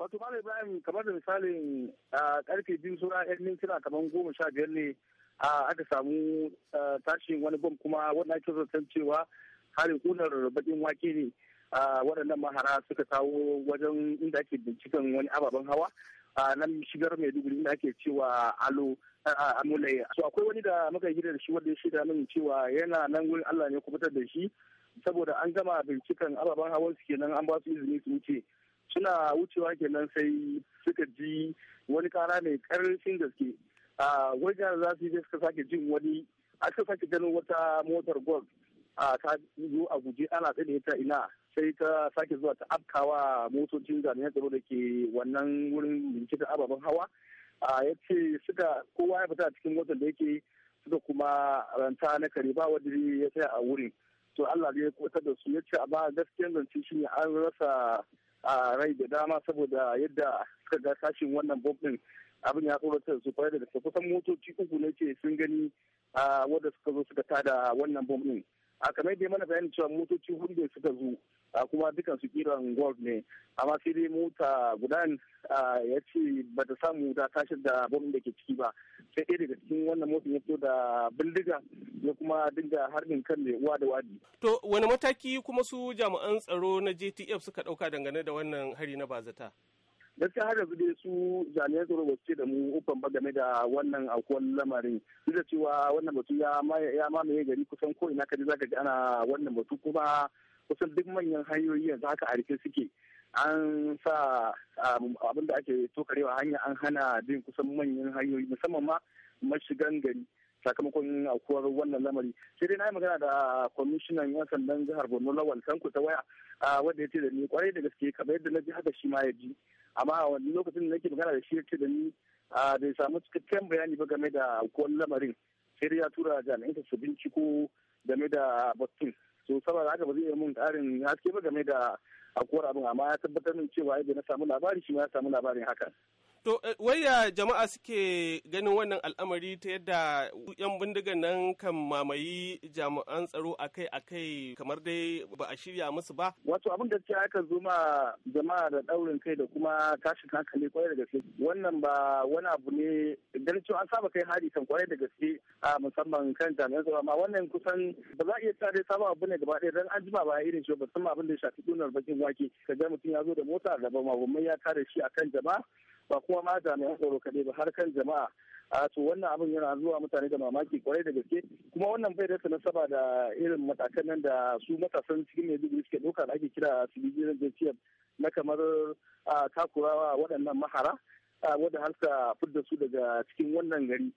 wato malam ibrahim kamar da misalin karfe biyu sura yan mintuna kamar goma sha biyar ne aka samu tashin wani bom kuma wanda ake zaton cewa harin kunar bakin wake ne waɗannan mahara suka kawo wajen inda ake binciken wani ababen hawa nan shigar maiduguri inda ake cewa alo mulai so akwai wani da muka yi da shi wanda ya shiga min cewa yana nan wurin allah ne kubutar da shi saboda an gama binciken ababen hawan su kenan an ba su izini su wuce suna wucewa kenan sai suka ji wani kara mai karfin gaske a wajen za su yi suka sake jin wani aka sake ganin wata motar golf a ta zo a guje ana tsaye ta ina sai ta sake zuwa ta afkawa motocin jami'an tsaro da ke wannan wurin binciken ababen hawa a ya ce suka kowa ya fita a cikin motar da yake suka kuma ranta na kare ba wanda ya tsaya a wurin to Allah ne ya kwatar da su ya ce amma gaskiyan zance shi ne an rasa a rai da dama saboda yadda suka ga tashin wannan bom din abin ya tsoratar su kwarai da gaske kusan motoci uku ne ce sun gani a wadda suka zo suka tada wannan bom din a kamar da mana bayani cewa motoci hudu ne suka zo a kuma dukan su kiran gold ne amma sai dai mota guda ya ce ba ta samu ta tashi da bom da ke ciki ba sai ɗaya daga cikin wannan motin ya fito da bindiga ya kuma dinga harbin kan mai uwa da wadi. To wani mataki kuma su jami'an tsaro na JTF suka ɗauka dangane da wannan hari na bazata? gaskiya har yanzu dai su jami'an tsaro ba su ce da mu uban ba game da wannan aukuwar lamarin duk da cewa wannan batu ya mamaye gari kusan ko ina kaji zaka ji ana wannan batu kuma kusan duk manyan hanyoyi yanzu haka a rike suke an sa um, abin da ake tokarewa hanya an hana bin kusan manyan hanyoyi musamman ma mashigan gari sakamakon aukuwar wannan lamari sai dai na yi magana da kwamishinan yan sandan jihar borno lawal sanku ta waya wanda ya ce da ni kwarai da gaske kamar yadda na ji haka shi ma ya ji amma a wani lokacin da nake magana da shi ya ce da ni bai samu cikakken bayani ba game da aukuwar lamarin sai dai ya tura jami'an su binciko game da batun so saboda haka ba zai yi mun karin haske ba game da aukuwar abin amma ya tabbatar min cewa yadda na samu labari shi ma ya samu labarin haka. To, eh, waya jama'a suke ganin wannan al'amari ta yadda 'yan bindigan nan kan mamayi jami'an tsaro akai-akai kamar dai ba a shirya musu ba? Wato abin gaskiya aka zo ma jama'a da daurin kai da kuma tashin hankali kwarai da gaske. Wannan ba wani abu ne ganin cewa an saba kai hari kan kwarai da gaske a musamman kan jami'an tsaro amma wannan kusan ba za a iya tsare sabon abu ne gaba ɗaya don an jima ba irin shi ba musamman abin da ya shafi tunar bakin wake. Ka ga mutum ya zo da mota da ba ya kare shi akan jama'a ba kuma ma jami'an tsaro kaɗai ba har kan jama'a a to wannan abin yana zuwa mutane da mamaki kwarai da gaske kuma wannan bai da nasaba da irin matakan nan da su matasan cikin mai suke ɗauka da ake kira su civilian jcm na kamar takurawa waɗannan mahara wadda har suka fidda su daga cikin wannan gari